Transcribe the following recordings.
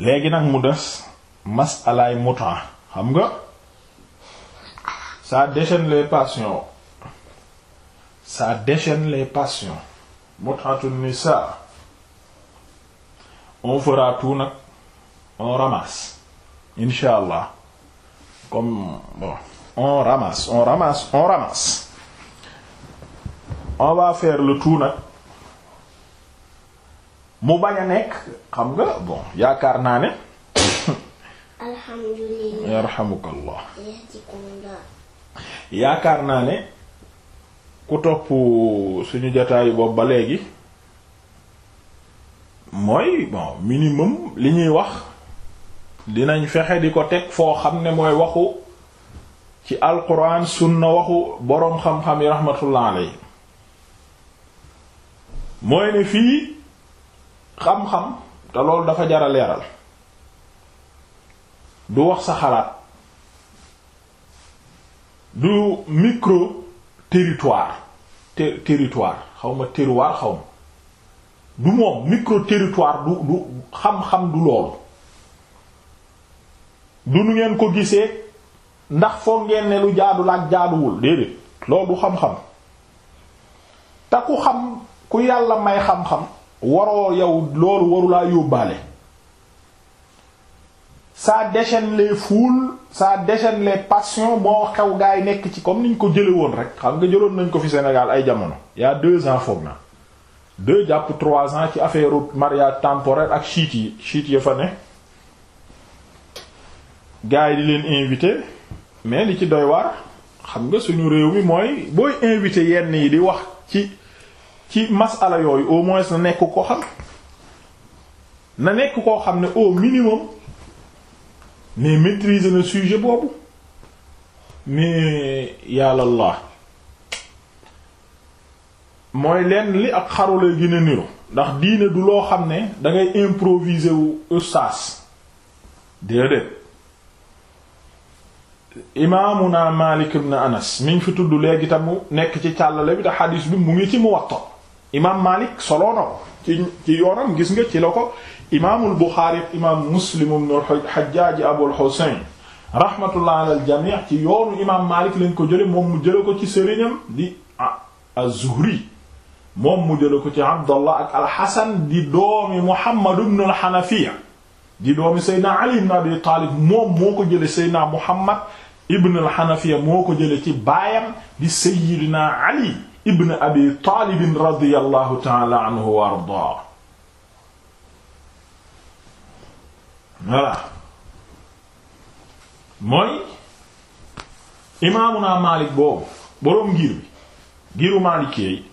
léegi nag mu des masalaay muta xam nga ça déchaîne les passions ça déchaîne les passions mut'atun nisa on fera tout nag on ramasse incha allah comme bon on ramasse on ramasse on ramasse on va faire le tout nag mu bañ a nekk xam nga yaakaar naa ne. alhamdulilah yarhamukallah yaakaar naa ne ku topp suñu jotaayu boobu ba léegi mooy bon minimum li ñuy wax dinañ fexe di ko teg foo xam ne mooy waxu ci alquran sunna waxu boroom xam-xam yi rahmatullah alayhi mooy ne fii. xam-xam te loolu dafa jara leeral du wax sa xalaat du micro territoire ter territoire xaw ma terroir xaw ma du moom micro territoire du du xam-xam du loolu du nu ngeen ko gisee ndax foo ngeen ne lu jaadu la ak jaaduwul déedéet loolu du xam-xam te xam ku yàlla may xam-xam. waroo yow loolu warulaa yóbbaale ça déchaîne les foules ça déchaîne les passions moo xew gaa yi nekk ci comme niñ ko jële woon rek xam nga jëloon nañ ko fi Sénégal ay jamono y'a deux ans foog na deux jàpp trois ans ci affaire mariage temporaire ak chiites yi chiites ya fa ne gaa yi di leen invité mais li ci doy waar xam nga suñu réew mi mooy booy invité yenn yi di wax ci ci masala yooyu au moins na nekk ko xam na nekk koo xam ne au minimum mais maîtriser na sujet boobu mais yàlla la mooy lenn li ak xarula gën a niru ndax diine du loo xam ne dangay improviser wu ustaas déedéet imaamuna Maalik ibn Anas miñ fi tudd léegi tam mu nekk ci càllale bi te xadiis bi mu ngi ci Muwatta imaam Malik soloo na ko ci ci yoonam gis nga ci la ko imaamul Buxaari imaam Muslim ibn al-Hajjaj Abul Husayn rahmatullah ala al jami' ci yoonu imaam Malik lañ ko jële moom mu jële ko ci sëriñam di az-Zuhri moom mu jële ko ci Abdallah ak al-Hasan di doomi Muhammad ibn al-Hanafiya di doomi Seydina Ali ibn Abi Talib moom moo ko jële Seydina Muhammad ibn al-Hanafiya moo ko jële ci baayam di Seydina Ali ibn abi taalib radiyallahu taala anhu wa ardaa voilà mooy imaamu naa Maalik boobu boroom ngir bi ngiru maalikee yi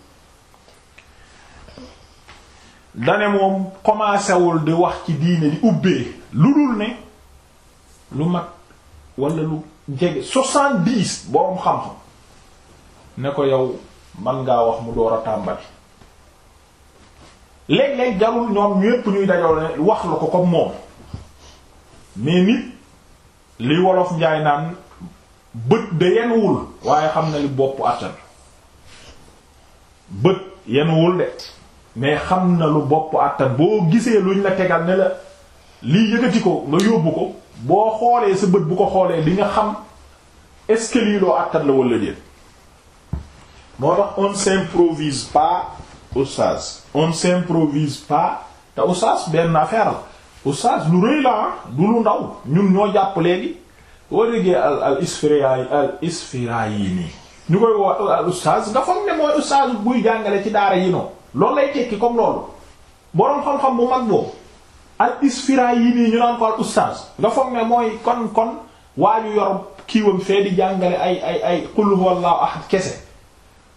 dane moom commencéwul di wax ci diine di ubbee lu dul ne lu mag wala lu jege soixante-dix boroom xam-xam ne ko yow man ngaa wax mu door a tàmbali léeg-léeg jarul ñoom ñépp ñuy dajoo ne wax la ko ko moom mais nit li wolof njaay naan bët de yenuwul waaye xam na li bopp àttan bët yenuwul de mais xam na lu bopp àttan boo gisee luñ la tegal ne la lii yëkkati ko nga yóbbu ko boo xoolee sa bët bu ko xoolee li nga xam est-ce que àttan la walla déet moo tax on s'improvise pas oustaz on s'improvise pas te oustaz benn affaire la oustaz lu rëy la ah, du lu ndaw ñun ñoo jàpp léegi boo déggee al al isfira ñu koy woo al oustaz nga foog ne mooy oustaz buy jàngale ci daara yi noonu loolu lay tekki comme loolu boroom xam-xam bu mag boobu al isfira yi ñu naan ko al oustaz nga foog ne mooy kon kon waa ñu yor kiiwam fee di jàngale ay ay ay qul a ahad kese.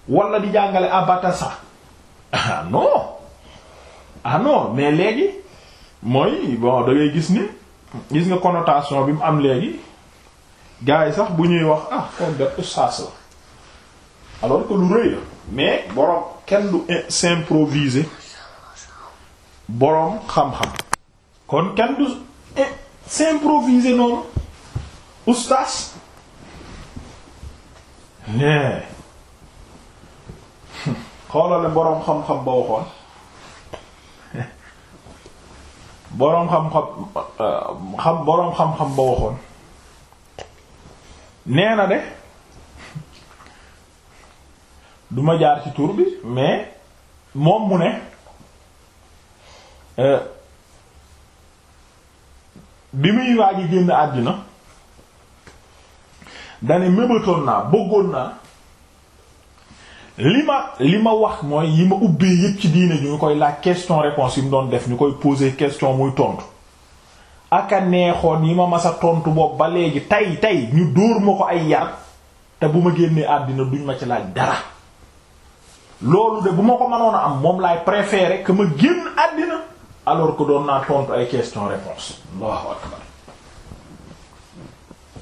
wala di jàngale abatasa ah non ah non mais léegi mooy bon da gis ni gis nga connotation bi mu am léegi gars yi sax bu ñuy wax ah kon de oustaz la alors que lu rëy la mais borom kenn du s'improviser boroom xam-xam kon kenn du s'improviser noonu oustaz mais xoolale boroom xam-xam ba waxoon boroom xam-xam boroom xam-xam ba waxoon nee na de duma jaar ci tur bi mais moom mu ne euh, bi muy waaj a génn àddina dane mébatoon naa bëggoon naa li ma li ma wax mooy yi ma ubbee yépp ci diine ñu koy laaj question réponse yi mu doon def ñu koy poser question muy tontu aka neexoon yi ma masa tontu boobu ba léegi tey tey ñu dóor ma ko ay yar te bu ma génnee àddina duñ ma ci laaj dara loolu de bu ma ko mënoon a am moom laay préférer que ma génn àddina alors que doon naa tontu ay question réponse Allahu akbar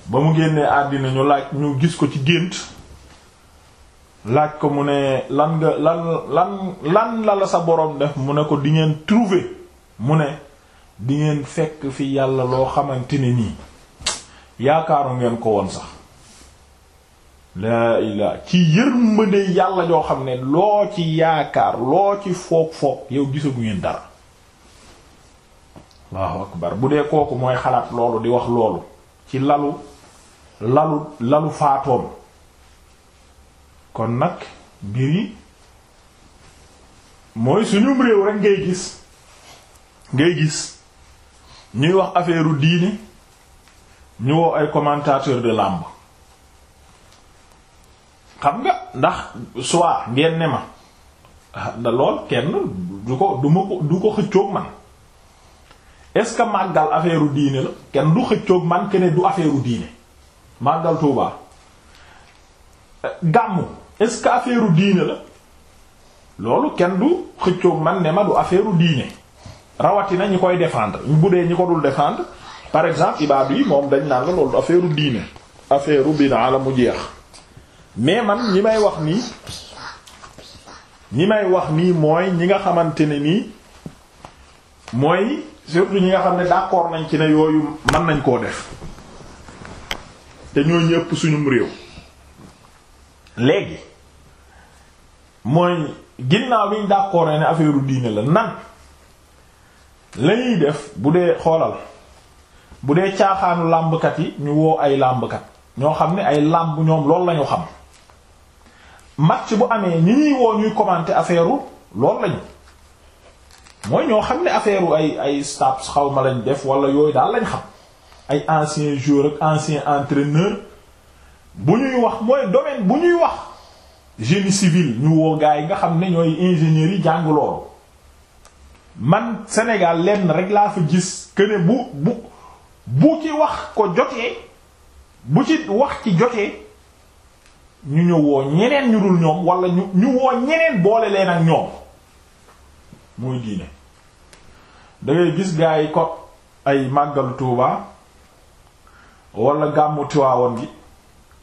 ba mu génnee àddina ñu laaj ñu gis ko ci gént laaj ko mu ne lan nga lan lan la la sa boroom def mu ne ko di ngeen trouver mu ne di ngeen fekk fi yàlla loo xamante ni nii yaakaaru ngeen ko woon sax laa ilaa ci yërmande yàlla joo xam ne loo ci yaakaar loo ci foog foog yow gisagu ngeen dara allahu akbar bu dee kooku mooy xalaat loolu di wax loolu ci lalu lalu lalu faatoom kon nag mbir yi mooy suñu réew rek ngay gis ngay gis ñuy wax affaire diine ñu woo ay commentateur de làmb xam nga ndax soit ngeen ne ma ah, da lool kenn du ko du ma ko du ko xëccoog man est-ce que màggal affaire diine la kenn du xëccoog man kenn du affaire diine màggal Tuubaa gàmmu est-ce que affaire diine la loolu kenn du xëccoo man ne ma du affaire diine rawatina ñi koy défendre bu dee ñi ko dul défendre par exemple ibaadu yi moom dañ naan la loolu du affaire diine affaire bida la mu jeex mais man ñi may wax nii ñi may wax nii mooy ñi nga xamante ne nii mooy surtout ñi nga xam ne d'accord nañ ci ne yooyu man nañ koo def te ñoo ñëpp suñum réew léegi mooy ginnaaw bi ñu d'accord ne affaire diine la nan lañuy def bu dee xoolal bu dee caaxaanu làmbkat yi ñu woo ay làmbkat ñoo xam ne ay làmb ñoom loolu lañu xam match bu amee ñi ñuy woo ñuy commenter affaire loolu lañu mooy ñoo xam ne affaire ay ay staps xaw ma lañ def wala yooyu daal lañ xam ay anciens joueurs ak anciens entraîneurs bu ñuy wax mooy domaine bu ñuy wax génie civil ñu woo gaa yi nga xam ne ñooy ingénier yi jàng loolu man Sénégal lenn rek laa fa gis que bu bu bu ci wax ko jotee bu ci wax ci jotee ñu ñu woo ñeneen ñu dul ñoom wala ñu ñu woo ñeneen boole leen ak ñoom mooy diine da gis gaa ko ay màggalu Tuuba wala gàmmu Tiwaawoon gi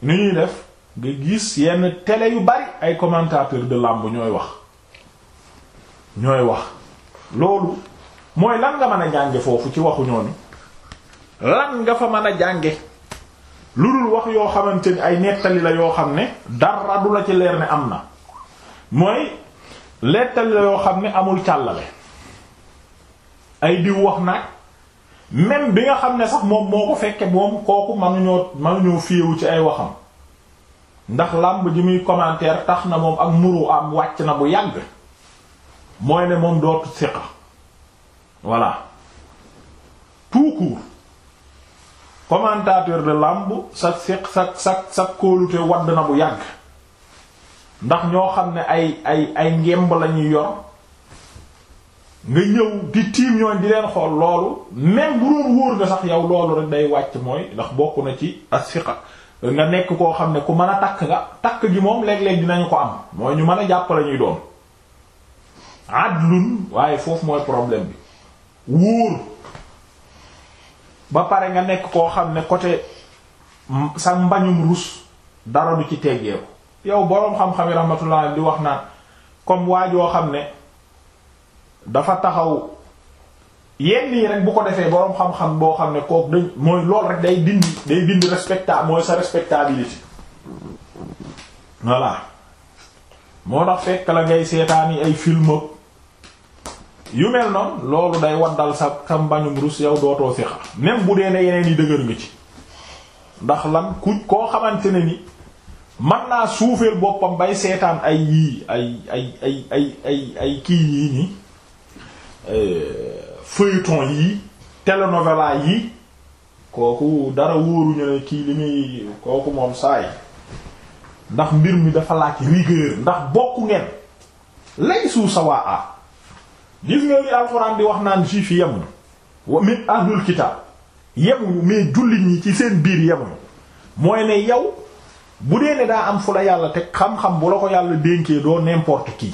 ni ñuy def nga gis yenn tele yu bari ay commentateurs de làmb ñooy wax ñooy wax loolu mooy lan nga mën a jànge foofu ci waxu ñooñu lan nga fa mën a jànge lu dul wax yoo xamante ni ay nettali la yoo xam ne dara du la ci leer ne am na mooy nettali la yoo xam ne amul càllale ay diw wax nag même bi nga xam ne sax moom moo ko fekke moom kooku manuñoo manuñoo fiyewu ci ay waxam ndax làmb ji muy commentaire tax na moom ak muru am wàcc na bu yàgg mooy ne moom dootu siqa voilà tout court commentateur làmb sa siq sa sa sa kóolute wadd na bu yàgg ndax ñoo xam ne ay ay ay ngemb lañuy yor nga ñëw di tiim ñooñ di leen xool loolu même bu wóor nga sax yow loolu rek day wàcc mooy ndax bokk na ci asiqa nga nekk koo xam ne ku mën a takk nga takk gi moom léeg-léeg dinañu ko am mooy ñu mën a jàpp la ñuy doon adlun waaye foofu mooy problème bi wóor ba pare nga nekk koo xam ne côté sa mbañum rus dara du ci teggeeku yow boroom xam-xam yi rahmatullah di wax naan comme waajoo xam ne dafa taxaw yenn yi rek bu ko defee boroom xam-xam boo xam ne kooku dañ mooy lool rek day dindi day dindi respecta mooy sa respectabilité voilà moo tax fekk la ngay seetaan seetaani ay film yu mel noonu loolu day waddal sa sa mbañum rus yow dootoo siqa même bu dee ne yeneen yi dëgër nga ci ndax lan ku koo xamante ne ni man naa suufeel boppam bay seetaan ay yii ay ay ay ay ay ay kii yii nii Euh, feuilleton yi telenovela yi kooku dara wóoruñu ne kii li muy kooku moom saay ndax mbir mi dafa laaj rigueur ndax bokku ngeen lay suu sawaa a gis nga li alxuraan di wax naan juif yi yemuñu wa min ahlul kitaab yemuñu mais jullit ñi ci seen biir yemuñu mooy ne yow bu dee ne daa am fu la yàlla teg xam-xam bu la ko yàlla dénkee doo n'importe qui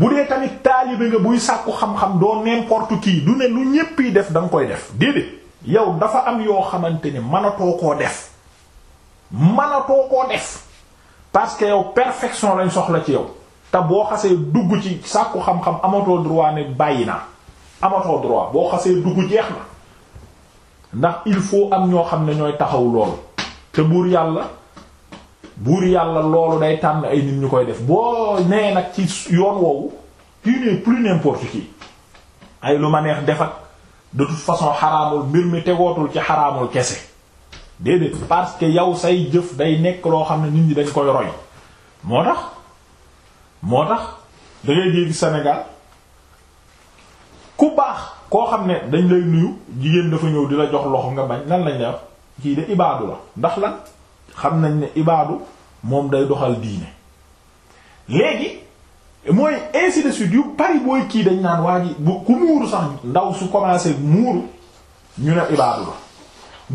bu dee tamit taalibe nga buy sàkku xam-xam doo n'importe qui du ne lu ñépp def da koy def déedéet yow dafa am yoo xamante ni mënatoo koo def mënatoo koo def parce que yow perfection lañ soxla ci yow te boo xasee dugg ci sàkku xam-xam amatoo droit ne bàyyi naa amatoo droit boo xasee dugg jeex na ndax il faut am ñoo xam ne ñooy taxaw loolu te buur yàlla buur yàlla loolu day tànn ay nit ñu koy def boo nee nag ci yoon woowu tu n'es plus n'importe qui ay lu ma neex def ak de façon xaraamul mbir mi tegootul ci xaraamul kese déedéet parce que yow say jëf day nekk loo xam ne nit ñi dañ koy roy moo tax moo tax da ngay jéggi ku baax koo xam ne dañ lay nuyu jigéen dafa ñëw di la jox loxo nga bañ lan lañ lay wax kii de ibaadu la ndax lan xam nañ ne ibaadu moom day doxal diine léegi mooy ainsi de suite yu bari booy kii dañ naan waa ji bu ku muuru sax ndaw su commencé muuru ñu ne ibaadu la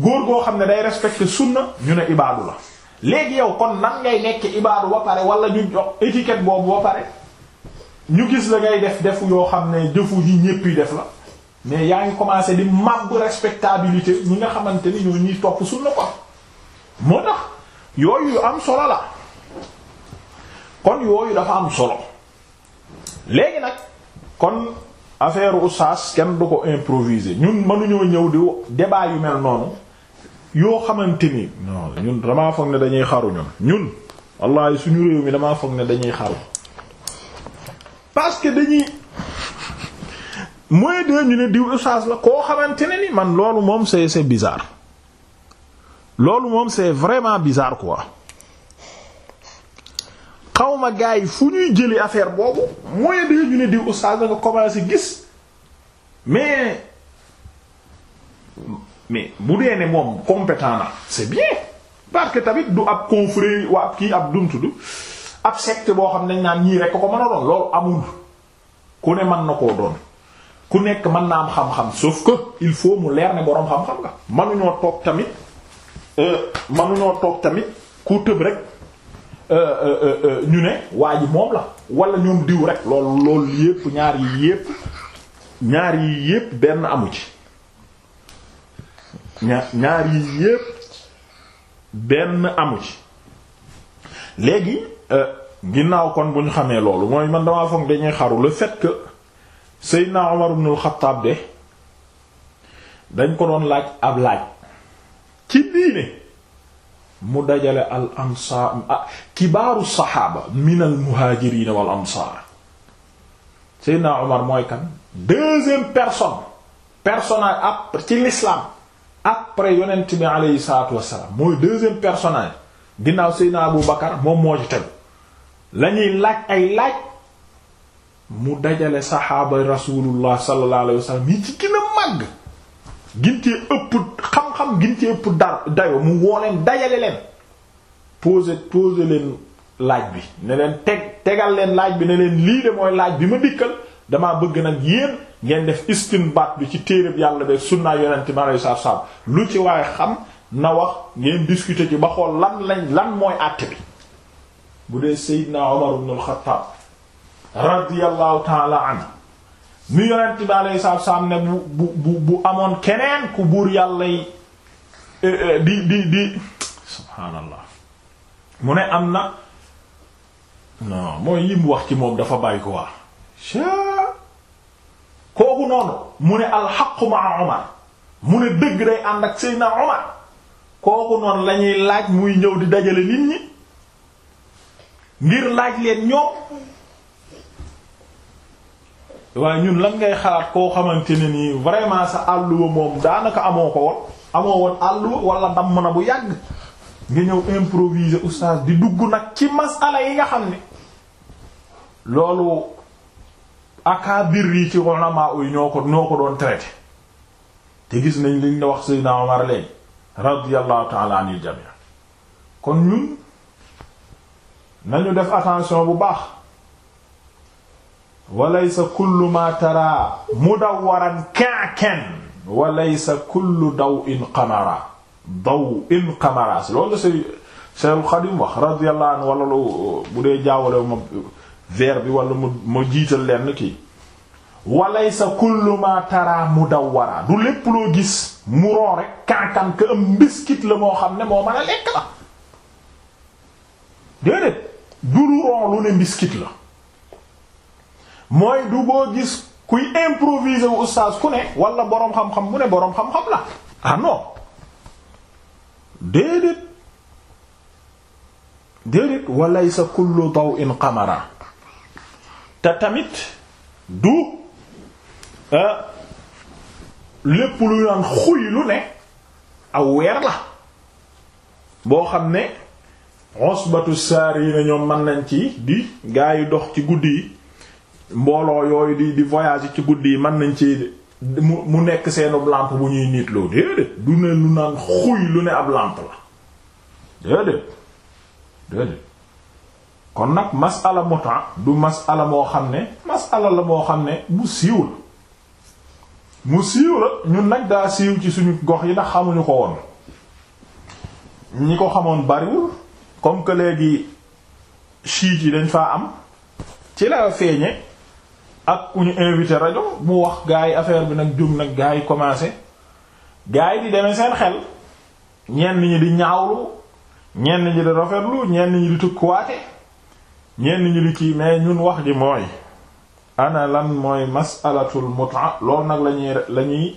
góor goo xam ne day respecté sunna ñu ne ibaadu la léegi yow kon nan ngay nekke ibaadu ba pare wala ñu jox étiquette boobu ba pare ñu gis la ngay def defu yoo xam ne jëfu yi ñéppi def la mais yaa ngi commencé di màbb respectabilité ñi nga xamante ni ñoo ñuy topp sunna ko moo tax yooyu yu am solo la kon yooyu dafa am solo léegi nag kon affaire oustaz kenn du ko improviser ñun mënuñoo ñëw di débat yu mel noonu yoo xamante ni non ñun damaa foog ne dañuy xaru ñun ñun wallahi suñu réew mi damaa foog ne dañuy xaru parce que dañuy mooy de ñu ne diw oustaz la koo xamante man loolu moom c'est c'est bizarre loolu moom c'est vraiment bizarre quoi xawma gars yi fu ñuy jëli affaire boobu moyen de ñu ne diw oustaz nga commencé gis mais mais bu dee ne moom compétent na c'est bien parce que tamit du ab confrérie waa kii ab dumtudd ab secte boo xam ne dañ naan ñii rek ko mën a doon loolu amul ku ne mën na koo doon ku nekk mën na am xam-xam sauf que il faut mu leer ne boroom xam-xam nga mënuñoo toog tamit Euh, manuñoo toog tamit ku tëb rek euh, euh, ñu ne waa ji moom la wala ñoom diw rek loolu loolu yépp ñaar yi yépp ñaar yi yépp benn amu ci ñaar yi yépp benn amu ci léegi ginnaaw kon bu ñu xamee loolu mooy man damaa foog dañuy xaru le fait que Seydina Omar ibn de dañ ko doon laaj ab laaj ci diine mu dajale al ansaar ah, kibaaru saxaaba min al muhaajiriin wal ansaar Seydina Omar mooy kan deuxième personne personnage après ci l'islam après yonent bi aleyhi salaatu wassalaam mooy deuxième personnage ginnaaw Seydina Abu Bakar moom moo ci tegu lañuy laaj ay laaj mu dajale saxaaba rasulullah sallallahu alayhi wasallam yi ci gën a màgg ëpp xam xam gin ci ëpp dar dayo mu woo leen dajale leen poser poser leen laaj bi ne leen teg tegal leen laaj bi ne leen lii de mooy laaj bi ma dikkal damaa bëgg nag yéen ngeen def istinbaat bi ci téereb yàlla beeg sunnaa yonente mi aleyi satu salaam lu ci waaye xam na wax ngeen discuter ci ba xool lan lañ lan mooy àtte bi bu dee Seydina Omar ibn al-Khattab radiyallahu ta'ala anhu ñu yonente bi aleyi satu salaam ne bu bu bu amoon keneen ku buur yàlla Eh, eh, di di di subhaanallah mu ne am na non mooy yim wax ci moom dafa bàyyi ko waa kooku noonu mu ne alxaquma maa Omar mu ne dëgg day ànd ak Seydina Omar kooku noonu lañuy laaj muy ñëw di dajale nit ñi ngir laaj leen ñoom waaye ñun lan ngay xalaat koo xamante ne nii vraiment sa àlluwa moom daanaka amoo ko woon amoo woon àllu wala damm na bu yàgg nga ñëw improviser oustaz di dugg nag ci masala yi nga xam ni loolu akaabir yi ci ulama uy ñoo ko ñoo ko doon traité te gis nañ liñ la wax Seydina Omar léegi radiyallahu ta'ala anil jami' kon ñun nañu def attention bu baax walla walaysa kullu ma tara mudawwaran ka'kan walaysa kullu daw in qamara daw in qamara loolu la say Seexul wax radiyallahu anhu wala lu bu dee jaawale ma verbe bi wala mu ma jiital lenn kii walaysa kullu ma tara mudawwara du lépp loo gis muron rek kankan ka am mbiskit la moo xam ne moo mën a lekk la déedéet du lu ron lu ne mbiskit la mooy du boo gis kuy improviser wu oustaz ku ne wala boroom xam-xam mu ne boroom xam-xam la ah non déedéet déedéet walaysa kullu daw'in qamara te tamit du euh, lépp lu naan xuy lu ne aw weer la boo xam ne usbatu saar yi na ñoom mën nañ ci di gaa yi dox ci guddi yi mbooloo yooyu di di voyage ci guddi yi mën nañ ci mu mu nekk seenu lampe bu ñuy niitloo déedéet du ne lu naan xuy lu ne ab lampe la déedéet déedéet kon nag masala muta du masala moo xam ne masala la moo xam ne mu siiw la mu siiw la ñun nag daa siiw ci suñu gox yi ndax xamuñu ko woon ñi ko xamoon bariwul comme que léegi chiite yi dañ faa am ci la feeñe ak ku ñu invité rajo mu wax gars yi affaire bi nag jóg nag gars yi commencé gars yi di demee seen xel ñenn ñi di ñaawlu ñenn ñi di rafetlu ñenn ñi di tukkuwaate ñenn ñi di kii mais ñun wax ji mooy ana lan mooy masalatul mut'a loolu nag lañuy la ñuy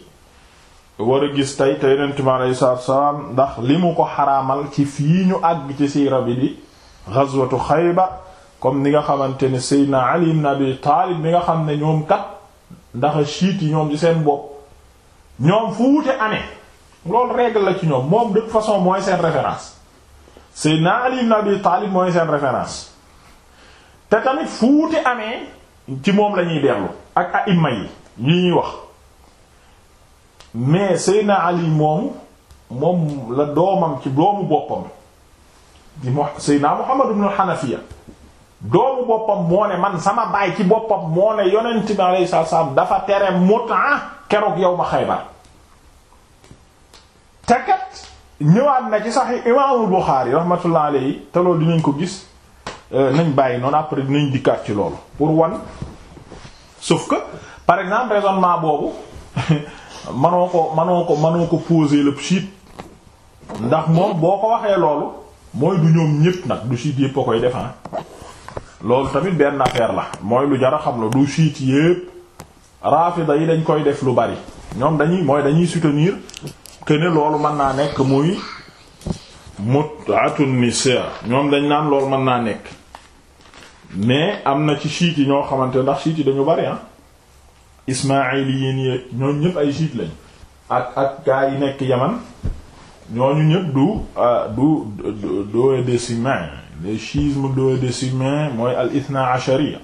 gis tey te yonent bi aleyhi salaatu wasalaam ndax li mu ko xaraamal ci fii ñu àgg ci siira bi di ghazwatu Xaybar comme ni nga xamante ne Seydina Ali ibn Abi Taalib mi nga xam ne ñoom kat ndax chiites yi ñoom ci seen bopp ñoom fu wute amee loolu règle la ci ñoom moom de façon mooy seen référence Seydina Ali ibn Abi Taalib mooy seen référence te tamit fu wute amee ci moom lañuy ñuy dellu ak aïma yi ñuy wax mais Seydina Ali moom moom la doomam ci doomu boppam di Seydina Muhammad ibn al-Hanafiya doomu boppam moo ne man sama baay ci boppam moo ne yonent bi alayhi salaam dafa tere mutaa keroog yow ma Xaybar te kat ñëwaat na ci sax imaamul Buxaari rahmatullah alayhi te loolu dinañ ko gis euh, nañ bàyyi noonu après dinañ dikkaat ci loolu pour wan sauf que par exemple raisonnement boobu manoo ko manoo ko manoo ko poser le chiite ndax moom boo ko waxee loolu mooy du ñoom ñépp nag du chiite yépp a koy defan ah. loolu tamit benn affaire la mooy lu jar a xam la du siit yépp rafida yi dañ koy def lu bari ñoom dañuy mooy dañuy soutenir que ne loolu mën naa nekk muy mut'atun nisa ñoom dañ naan loolu mën naa nekk mais am na ci siit yi ñoo xamante ndax siit yi dañu bari ah ismailiyin yi ñoom ñëpp ay siit lañ ak ak gaa yi nekk yaman ñooñu ñëpp du du du de siman les schismes duodécimains mooy al ithna achariya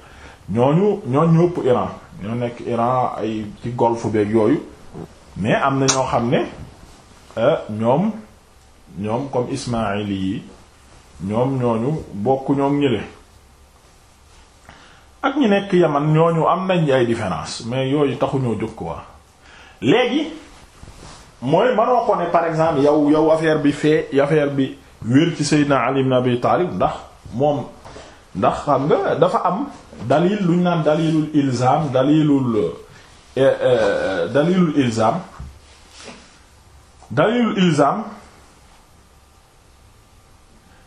ñooñu ñooñu ñëpp Iran ñoo nekk Iran ay ci golfe beeg yooyu mais am na ñoo xam ne euh, ñoom ñoom comme ismaili yi ñoom ñooñu bokk ñoom ñële ak ñu nekk Yaman ñooñu am nañ ay différence mais yooyu taxuñoo jóg quoi léegi mooy manoo ko ne par exemple yow yow affaire bi fee affaire bi wér ci Seydina Ali ibn Abi Taalib ndax moom ndax xam nga dafa am dalil luñ naan dalilul ilzam dalilul euh, euh, euh, dalilul ilzam dalilul ilzam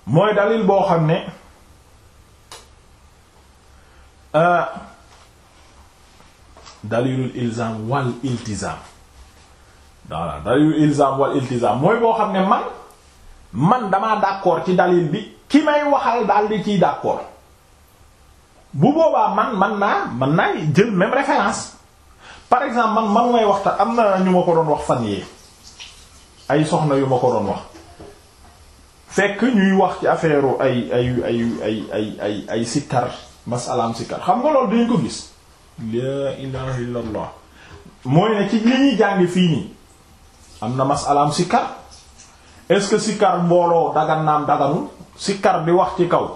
mooy dalil boo xam ne dalilul ilzam wal iltizam voilà dalilul ilzam wal iltizam mooy boo xam ne man man damaa d'accord ci dalil bi ki may waxal daal di ciy d'accord bu boobaa man man naa man naa jël même référence par exemple man man may waxtaan am na ñu ma ko doon wax fan yee ay soxna yu ma ko doon wax fekk ñuy wax ci affaire ay ay ay ay ay ay ay sikkar masalaam sikkar xam nga loolu dañu ko gis la ilaha illallah mooy ne ci li ñuy jàng fii nii am na masalaam sikkar est-ce que sikar mbooloo dagan naam daganu sikar bi wax ci kaw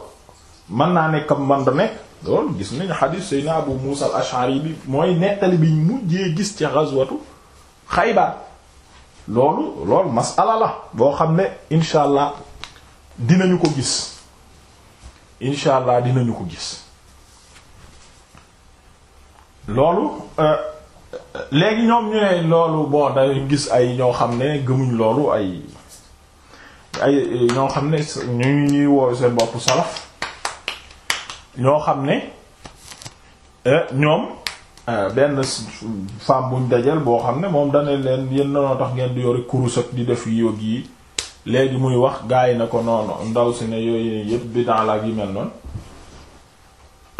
mën naa nekk man da nekk loolu gis nañu xadiis Seydina Abu Muusa al-Ash'ari bi mooy nettali bi mujjee gis ci ghazwatu Xaybar loolu lool masala la boo xam ne incha allah dinañu ko gis incha allah dinañu ko gis loolu euh, léegi ñoom ñu ne loolu bon dañu gis ay ñoo xam ne gëmuñ loolu ay ay ñoo xam ne ñu ñuy woo seen bopp salaf ñoo xam ne euh, ñoom euh, benn femme buñ dajal boo xam ne moom dane leen yéen nanoo tax ngeen di yori kurus ak di def yóg yi léegi muy wax gars yi na ko noonu ndaw si ne yooyu yëpp bi dans la yi mel noonu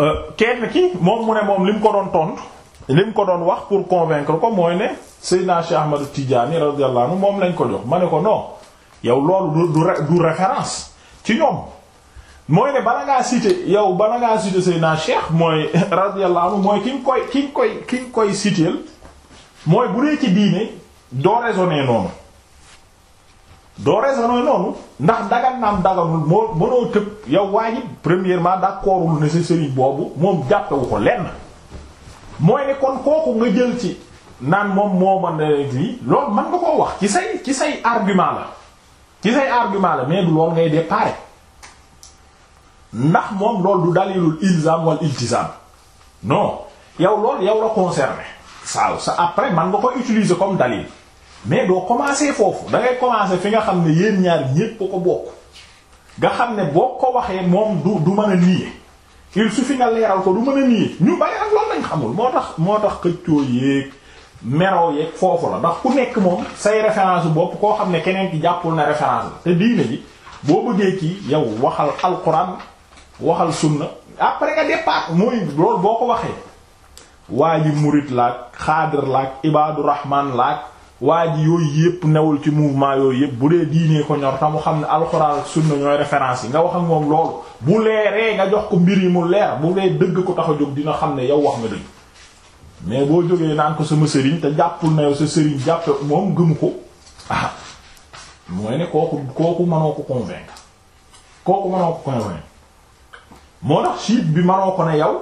euh, kenn ki moom mu ne moom li mu ko doon tontu li mu ko doon wax pour convaincre ko mooy ne Seydina Cheikh Ahmad Tidiane radiyallahu anhu moom lañ ko jox ma ne ko non yow loolu du du référence ci ñoom mooy ne bala ngaa cité yow bala ngaa cité Seydina Cheikh mooy mooy ki nga koy ki nga koy ki koy citeel mooy bu dee ci diine doo raisonner noonu doo raisonner noonu ndax dagan naam daganul moo mënoo tëb yow waa ji premièrement d'accordul ne sa sëriñ boobu moom jàppewu ko lenn mooy ne kon kooku nga jël ci naan moom moo mën a lii loolu mën nga koo wax ci say ci say argument la ci say argument la mais du lool ngay déparé ndax moom loolu du dalilul ilzam wal iltizam non yow loolu yow la concerné saa sa après man nga koy utiliser comme dalil mais doo commencer foofu da ngay commencer fi nga xam ne yéen ñaar ñépp ko bokk nga xam ne boo ko waxee moom du du mën a nier il suffit nga leeral ko du mën a nier ñu bari ak loolu lañ xamul moo tax moo tax xëccoo yéeg meroo yeeg foofu la ndax ku nekk moom say référence bopp koo xam ne keneen ki jàppul na référence la te diine ji boo bëggee kii yow waxal alquran waxal sunna après nga départ mooy loolu boo ko waxee waa ji murit laag xaadir laag ibaadu rahman laag waa ji yooyu yépp newul ci mouvement yooyu yépp bu dee diinee ko ñor ta mu xam ne alxuraan ak sunna ñooy référence yi nga wax ak moom loolu bu leeree nga jox ko mbir yi mu leer bu dee dëgg ko tax a jóg dina xam ne yow wax nga dëgg mais boo jógee naan ko sama sëriñ te jàppu na yow sa sëriñ jàppe moom gëmu ko ah mooy ne kooku kooku mënoo ko convaincre kooku mënoo ko convaincre moo tax siit bi mënoo ko ne yow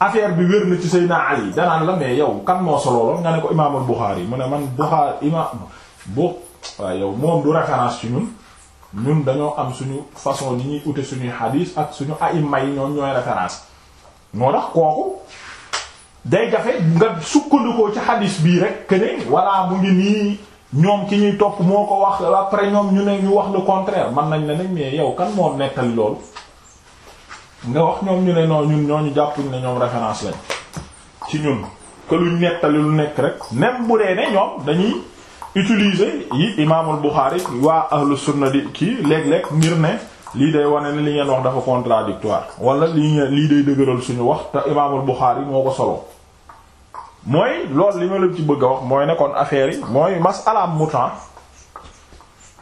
affaire bi wér na ci Seydina Ali danaan la mais yow kan moo solo la nga ne ko imaamul Buxaari mu ne man Buxaari imaam bo waaw yow moom du référence ci ñun ñun dañoo am suñu façon ni ñuy ute suñuy xadiis ak suñu aïma yi ñoom ñooy référence moo tax kooku day jafe nga sukkandikoo ci xadis bii rek que ne walla mu ngi nii ñoom ki ñuy topp moo ko wax après ñoom ñu ne ñu wax lu contraire man nañ ne nag mais yow kan moo nettali loolu nga wax ñoom ñu ne non ñun ñu jàppuñ ne ñoom référence lañ ci ñun que luñ nettali lu nekk rek même bu dee ne ñoom dañuy utiliser yi imaamul Buxaari waa ahlu sunna di kii léeg-léeg ngir ne lii day wane ne li ngeen wax dafa contradictoire wala lii ngeen lii day dëgëral suñu wax te imaamul Buxaari moo ko solo mooy lool li ma leen ci bëgg a wax mooy nekkoon affaire yi mooy masalaam mutan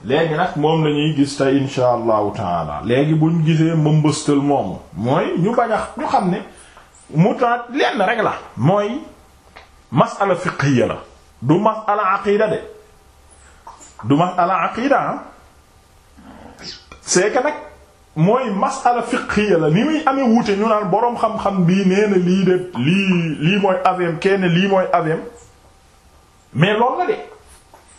léegi nag moom lañuy gis tey insha allahu taala léegi buñ gisee mëmbëstal moomu mooy ñu bañ ñu xam ni mutan lenn rek la mooy masala fiqhiya la du masala aqida de du masala aqida ah. c'est que nag mooy masala fiqhiya la ni muy amee wuute ñu naan boroom xam-xam bii nee lii de lii lii mooy avem kenn lii mooy avem mais loolu la de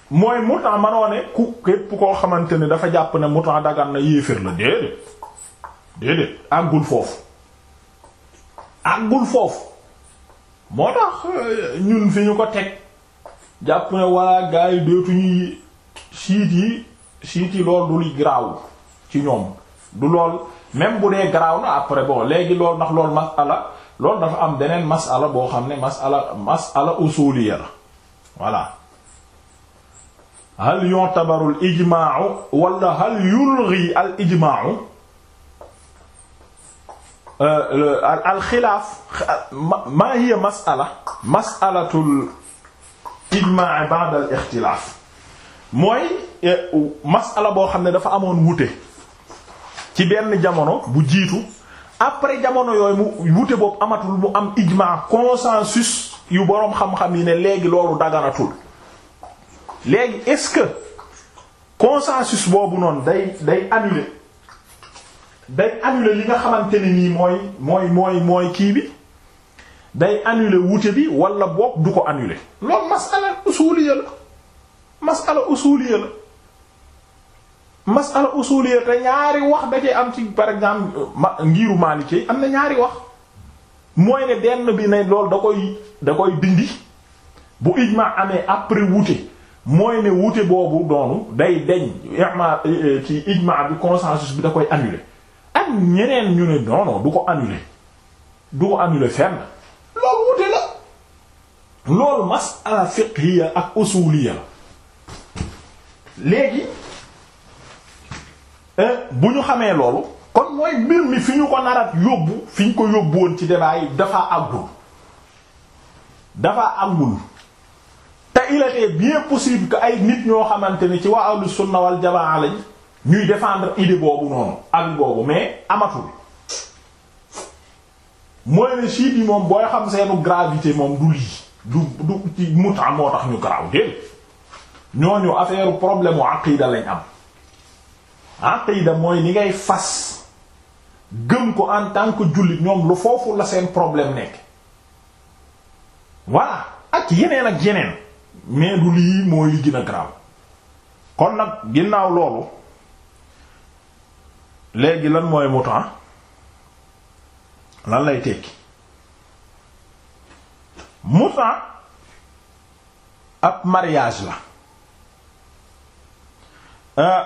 mooy muta manoo ne ku képp koo xamante ne dafa jàpp ne muta dagan na yéefér la déedéet déedéet àggul foofu àggul foofu moo tax euh, ñun fi ñu ko teg jàpp ne waa gars yi dootuñuy siit yi siit yi loolu du li ci ñoom du lool même bu dee garaaw na après boo léegi loolu ndax loolu masala lool dafa am beneen masala boo xam ne masala masala usuliya la voilà hal yu'tabaru euh, al ijma'u al ijma'u al xilaaf ma hiya masala masalatul ijma' ba'da al ixtilaaf mooy euh, masala boo xam ne dafa amoon wuute ci benn jamono bu jiitu après jamono yooyu mu wute boobu amatul mu am ijmaa consensus yu boroom xam-xam yi ne léegi loolu daganatul léegi est-ce que consensus boobu noonu day day annuler day annuler li nga xamante ne nii mooy mooy mooy mooy kii bi day annuler wute bi wala boog du ko annule loolu masala usuliya la masala usuliya la masala usuliyya te ñaari wax da cee am ci par exemple ma ngiru Maliki am na ñaari wax mooy ne benn bi ne loolu da koy da koy dindi bu ijma amee après wuute mooy ne wuute boobu doonu day deñ ijma ci ijma bi consensus bi da koy annuler ak ñeneen ñu ne non non du ko annuler du ko annuler fenn loolu wuute la loolu masala fiqhiyya ak usuliyya la léegi Eh, bu ñu xamee loolu kon mooy mbir mi fi ñu ko narat yóbbu fi ñu ko yóbbu woon ci débat yi dafa àggul dafa àggul te il était bien possible que ay nit ñoo xamante ne ci waa ahlu sunna wal jamaa lañ ñuy défendre idée boobu noonu ak boobu mais amatul mooy ne chiite moom booy xam seenu gravité moom du lii du du ci muta moo tax ñu garaaw déedéet ñooñu affaire problème u aqida lañ am aqida mooy li ngay fas gëm ko en tant que jullit ñoom lu foofu la seen problème nekk voilà ak yeneen ak yeneen mais du lii mooy li gën kon nag ginnaaw loolu léegi lan mooy muta ah? lan lay tekki muta ah, ab mariage la euh,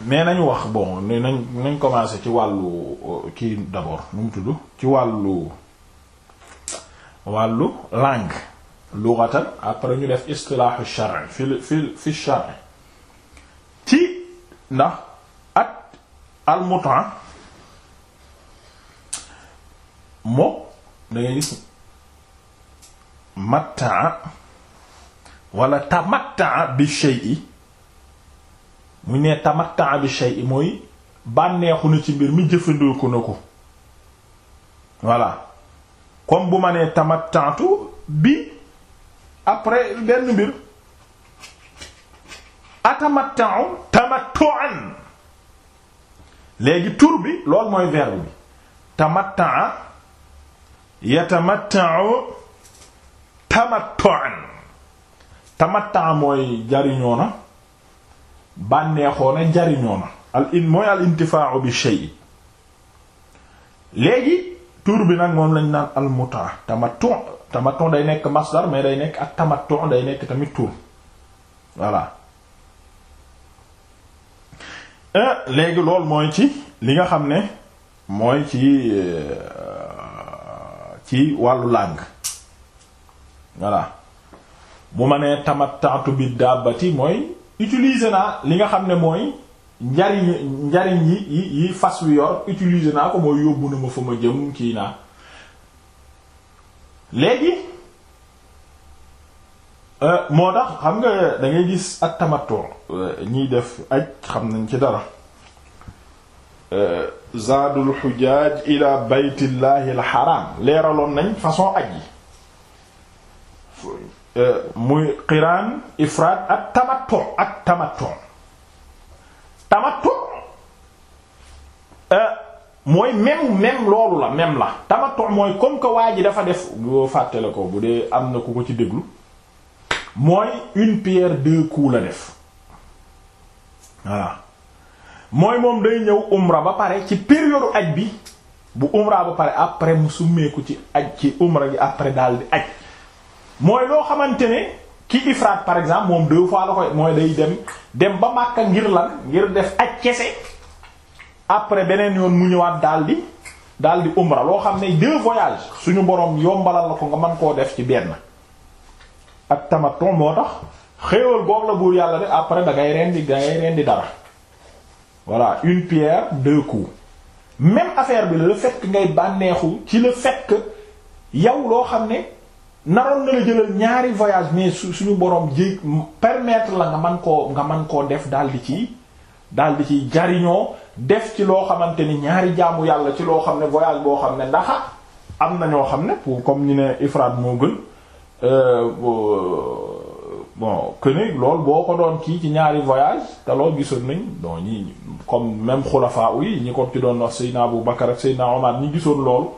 mais nañu wax bon nañ nañ commencer ci wàllu euh, kii d'abord nu mu tudd ci wàllu wàllu langue lughatan après ñu def istilaahu shar'i fi fi fi shar'i ci ndax at al mut'a moo da ngay gis matta'a wala tamatta'a bi shay'i mu ne tamatta bi shay mooy bànneexu na ci mbir mi jëfandiku na ko voilà kom bu ma nee tamattaatu bi après benn mbir atamatta'u tamattu'an léegi tur bi loolu mooy verbe bi tamatta'a yatamatta'u tamattu'an tamatta'a mooy jariñoo na bànneexoo na jariñoo na al in mooy al intifaa'u bi shay léegi tur bi nag moom lañ naan al muta tamattu tamattu day nekk masdar mais day nekk ak tamattu day nekk tamit tur voilà euh, léegi loolu mooy ci li nga xam ne mooy ci euh, ci wàllu langue voilà bu ma nee tamattaatu bi dàbbati mooy utiliser naa li nga xam ne mooy njariñ njariñ yi yi fas wi yor utiliser naa ko mooy yóbbu na ma fa ma jëm kii naa léegi euh, moo tax xam nga dangay gis ak tamattu euh, ñiy def aj xam nañ ci dara euh, zaadul xujaaj ila baytillahi al xaram leeraloon nañ façon aj yi Euh, muy qiraan ifraad ak tamattu ak tamattu tamattu euh, mooy même même loolu la même la tamattu mooy comme que waa ji dafa def boo fàttale ko bu dee am na ku ko ci déglu mooy une pierre deux la def voilà mooy moom day ñëw umra ba pare ci période aj bi bu umra ba pare après mu summeeku ci aj ci umra gi après daal di aj mooy loo xamante ne ki ifraat par exemple moom deux fois la koy mooy day dem dem ba Makka ngir lan ngir def ak kese après beneen yoon mu ñëwaat daal di daal di umra loo xam ne deux voyages suñu borom yombalal la ko nga man koo def ci benn ak tamaton moo tax xéewal boobu la buur yàlla de après da ngay rendi da ngay rendi dara voilà une pierre deux coups même affaire bi la le fait ngay bànneexu ci la fekk que yow loo xam ne. naroon na la jëlal ñaari voyage su suñu boroom ji permettre la nga man koo nga man koo def daal di ci daal di ciy jariñoo def ci loo xamante ni ñaari jaamu yàlla ci loo xam ne voyage boo xam ne ndax am na ñoo xam ne pour comme ñu ne ifrad moo gën euh, bon que ne loolu boo ko doon kii ci ñaari voyage te loo gisoon nañ don ñi comme même xulafaa yi ñi ko ci doon wax bu Abu Bakar ak Seydina Omar ñi gisoon loolu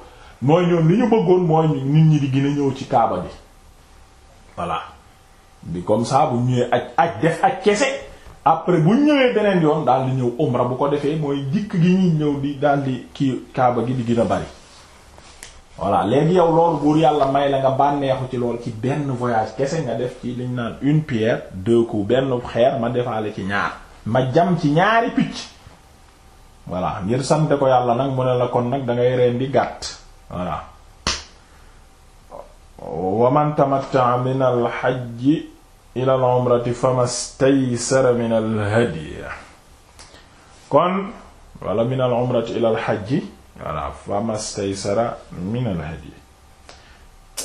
mooy ñoom li ñu bëggoon mooy nit ñi di gën a ñëw ci kaaba bi voilà bi comme ça bu ñëwee aj def aj kese après bu ñëwee beneen yoon daal di ñëw umra bu ko defee mooy dikk gi ñu ñëw di daal di kii kaaba gi di gën a bari voilà léegi yow loolu buur yàlla may la nga bànneexu ci lool ci benn voyage kese nga def ci liñ naan une pierre deux benn xeer ma defaale ci ñaar ma jam ci ñaari picc voilà ngir sante ko yàlla nag mu ne la kon nag dangay reen rendi gàtt voilà wa man tamatta'a min al-hajji ila al-umrati famastaysara min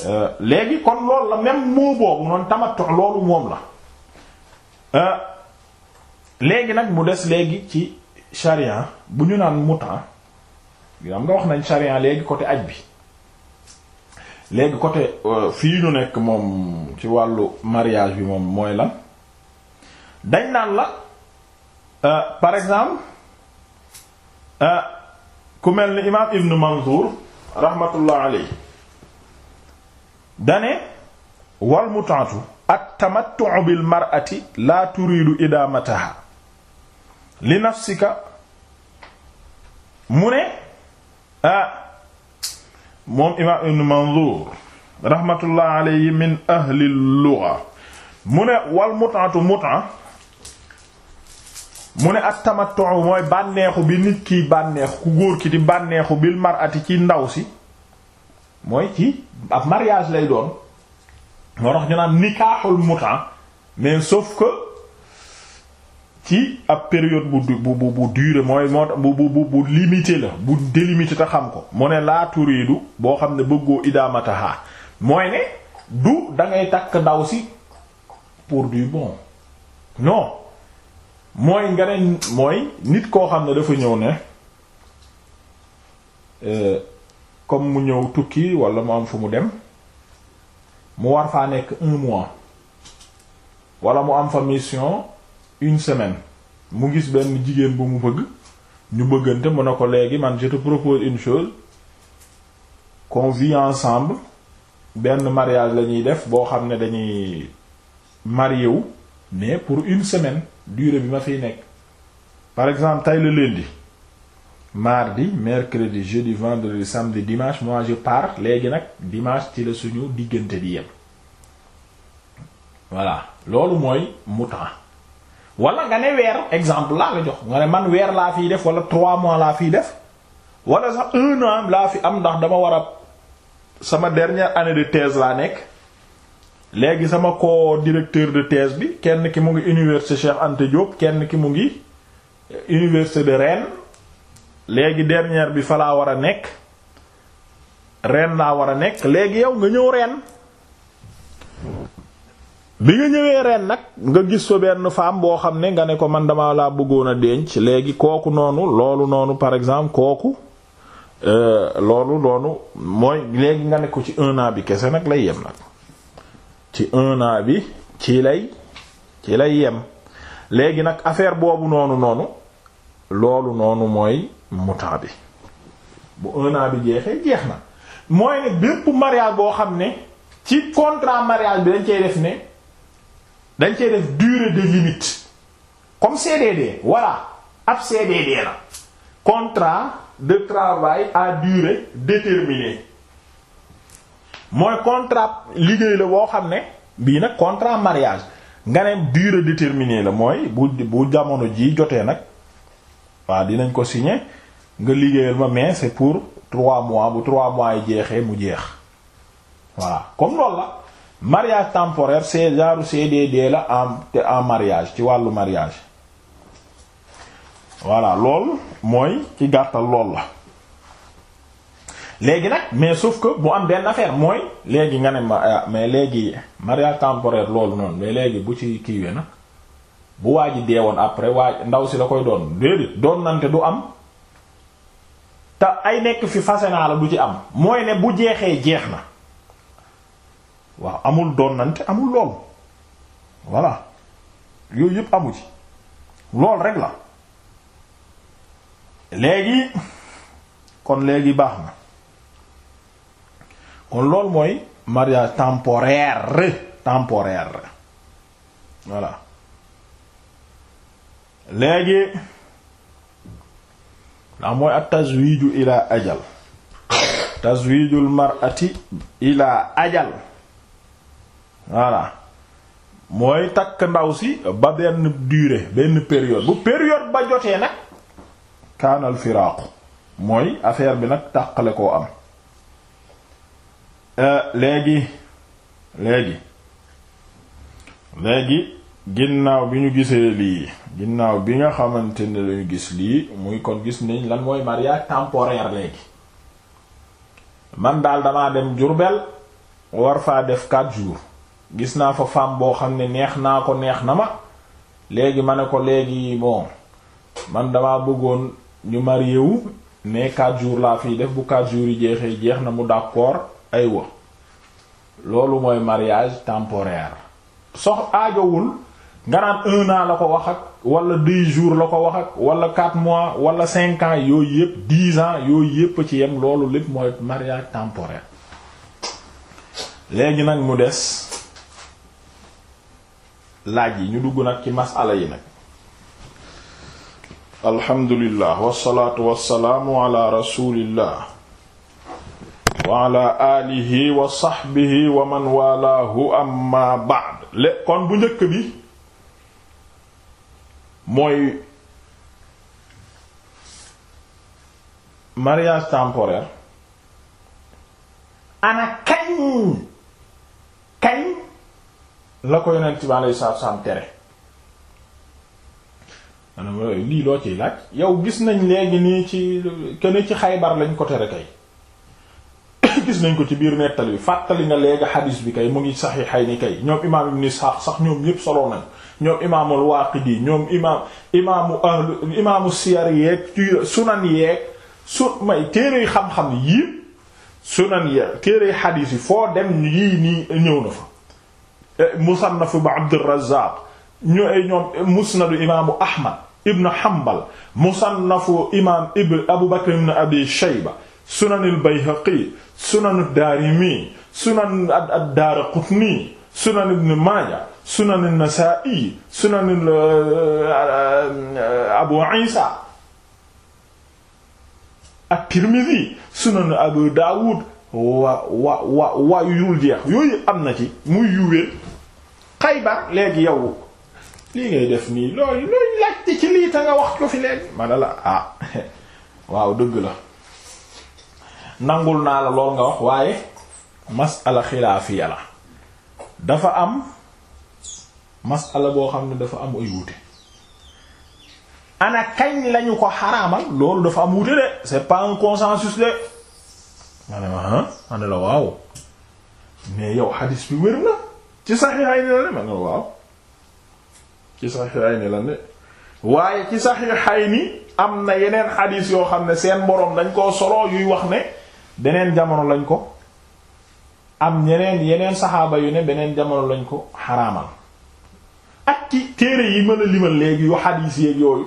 euh, la même moo boobu noonu tamattu loolu moom la euh, léegi nag mu des léegi ci sharia bu ñu naan muta am nga wax nañ sharia léegi côté aj bi léegi côté euh, fii ñu nekk moom ci wàllu mariage bi moom mooy la dañ naan euh, par exemple euh, ku mel ni imaam Ibn Manzur rahmatullah alayhi dane wal mutaatu at tamattu bil mar'ati la turidu idamataha li nafsika mu ne ah moom imaam ibn Manzuur rahmatullah alayhi min ahli lugha mu ne wal mut'atu mut'a mu ne at-tamattu mooy bànneexu bi nit kiy bànneexu ku góor ki di bànneexu bil mar'ati ci ndaw si mooy ci ab mariage lay doon moo tax ñu naan nikaaxul mut'a mais sauf que ci ab période bu bu bu bu bu bu limité la bu délimité te xam ko mu ne laa turiidu boo xam ne bëggoo idaamataha mooy ne du da ngay takk ndaw si pour du bon non mooy nga ne mooy nit koo xam ne dafa ñëw ne euh, comme mu ñëw tukki wala mu am fu mu dem mu war faa nekk un mois wala mu am fa mission une semaine mu gis benn jigéen bu mu bëgg ñu bëggante mu ne ko léegi man je te propose une chose qu'on vit ensemble benn mariage la ñuy def boo xam ne dañuy marié wu mais pour une semaine dure bi ma fiy nekk par exemple tey le lundi mardi mercredi jeudi vendredi samedi dimanche moi je pars léegi nag dimanche ci la suñu diggante di yem voilà loolu mooy mutaa wala nga ne weer exemple laa la jox nga ne man weer laa fii def wala trois mois laa fiy def wala sax un an laa fi am ndax dama war a sama dernière année de thèse laa nekk léegi sama co-directeur de thèse bi kenn ki mu ngi université Cheikh Anta Diop kenn ki mu ngi euh, université de Rennes léegi dernière bi fa laa war a nekk Rennes laa war a nekk léegi yow nga ñëw Rennes bi nga ñëwee ren nag nga gis fa benn femme boo xam ne nga ne ko man dama laa bëggoon a denc léegi kooku noonu loolu noonu par exemple kooku euh, loolu noonu mooy léegi nga ne ko ci un an bi kese nag lay yem nag ci un an bi ci lay ci lay yem léegi nag affaire boobu noonu noonu loolu noonu mooy mutaa bi bu un an bi jeexee jeex na mooy ne bépp mariage boo xam ne ci contrat mariage bi dañ cey def ne dañ cee def durée de limite comme CDD voilà ab CDD la contrat de travail à durée déterminée mooy contrat liggéey la boo xam ne bii nag contrat mariage nga ne durée déterminée la mooy bu bu jamono jii jotee nag waa dinañ ko signer nga liggéeyal ma mais c'est pour trois mois bu trois mois yi jeexee mu jeex voilà comme loolu la. mariage temporaire c'est genre CDD la en en mariage ci wàllu mariage voilà lool mooy ci gàttal lool la léegi nag mais sauf que bu am benn affaire mooy léegi nga ne ma ah, mais léegi mariage temporaire loolu noonu mais léegi bu ci kiiwee nag bu waa ji woon après waa ndaw si la koy doon déedéet doon nante du am te ay nekk fi fase la du ci am mooy ne bu jeexee jeex na waaw amul doon donnante amul lool voilà yooyu yëpp amu ci lool rek la léegi kon léegi baax na kon lool mooy mariage temporaire temporaire voilà léegi ndax mooy at tazwiju ila ajal tazwijul mar'ati ila ajal voilà mooy takk ndaw si ba benn durée benn période bu période ba jotee nag kaanal firaaqu mooy affaire bi nag tàqale koo am euh, léegi léegi léegi ginnaaw bi ñu gisee lii ginnaaw bi nga xamante ne lañu gis lii muy kon gis ni lan mooy mariage temporaire léegi man daal damaa dem Jurbel war faa def quatre jours gis naa fa femme boo xam ne neex naa ko neex na ma léegi ma ne ko léegi bon man dama bëggoon ñu marié wu mais quatre jours laa fii def bu quatre jours yi jeexee jeex na mu d'accord aywa loolu mooy mariage temporaire sox aajowul nga naan un an la ko wax ak wala deux jours la ko wax ak wala quatre mois wala cinq ans yooyu yëpp dix ans yooyu yëpp ci yem loolu lépp mooy mariage temporaire léegi nag mu des laaj yi ñu dugg nag ci masala yi nag alhamdulillah wassalaatu wassalaamu ala rasulillah wa ala alihi wa sahbihi wa man walaahu amma bu njëkk bi mooy mariage temporaire ana kañ la ko yonent bi alayhi salaatu salaam tere maanaam lii loo ciy laaj yow gis nañ léegi nii ci kenn ci xaybar lañ ko tere kay gis nañ ko ci biir nettali bi fàttali nga léegi xadiis bi kay mu ngi saxiixay ni kay ñoom imaam ibn Isxaaq sax ñoom ñépp solo nañ ñoom imaamul Waaqidi ñoom imaam imaamu ahlu imaamu siyar yeeg sunan yeeg su may téere xam-xam yii sunan yeeg téere xadiis yi foo dem yii nii ñëw na fa musannaf bu Abdurrazzaq ñu ay ñoom musnadu imaamu Ahmad ibn Hanbal musannafu imaam ibn Abu Bakr ibn Abi Shayba sunanul Bayhaqi sunanu Daarimi sunan ad-Daaraqutni sunan ibn Maaja sunan an-Nasaa'i sunan Abu Iisa at-Tirmidhi sunan Abu Daawud wa wa wa wa yul jeex yooyu am na ci muy yuwee xaybar léegi yow lii ngay def nii looy looy laajte ci lii ta nga wax ko fi léegi ma ne la ah waaw dëgg la nangul naa la lool nga wax waaye masala xilaafiya la dafa am masala boo xam ne dafa am ay wuute lañu ko xaraamal loolu dafa am wuute de c'est pas un consensus de ma ne la waaw mais yow xadis bi wér na ci saxiixayni la ne ma ne waaw ci saxiixayni la ne waaye ci saxiixayni am na yeneen xadiis yoo xam ne seen boroom dañ koo solo yuy wax ne beneen jamono lañ ko am yeneen yeneen saxaaba yu ne beneen jamono lañ ko xaraamal ak ci téere yi mën a limal léegi yu xadiis yeeg yooyu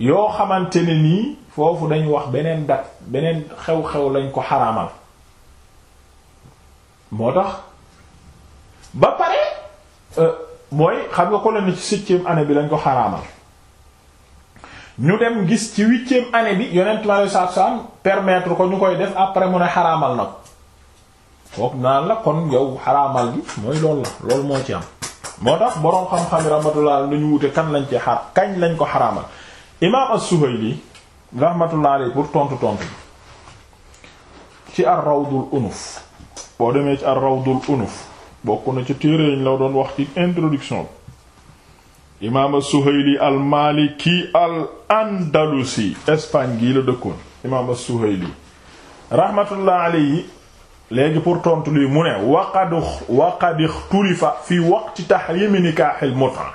yoo xamante ne nii foofu dañu wax beneen dat beneen xew-xew lañ ko xaraamal moo tax Euh, mooy xam nga ko la ci septième année bi lañ ko xaraamal ñu dem gis ci huitième année bi yonent mi alei satu salaam ko ñu koy def après mu ne xaraamal na ko foog naan la kon yow xaraamal gi mooy loolu la loolu moo ci am moo tax boroom xam-xam yi rahmatullah lu ñu wute kan lañ ci xar kañ lañ ko xaraamal imaam as-Suhayli rahmatullah alayhi pour tontu tontu ci ar-Rawdul Unuf boo demee ci ar-Rawdul Unuf bokk na ci téere ñu la doon wax ci introduction bi imaam as-Suhayli al-Maliki al-Andalusi Espagne gii la dëkkoon imaam as-Suhayli rahmatullah alayhi léegi pour tontu lii mu ne waqad waqad ixtulifa fi waqti tahrimi nikaahil mut'a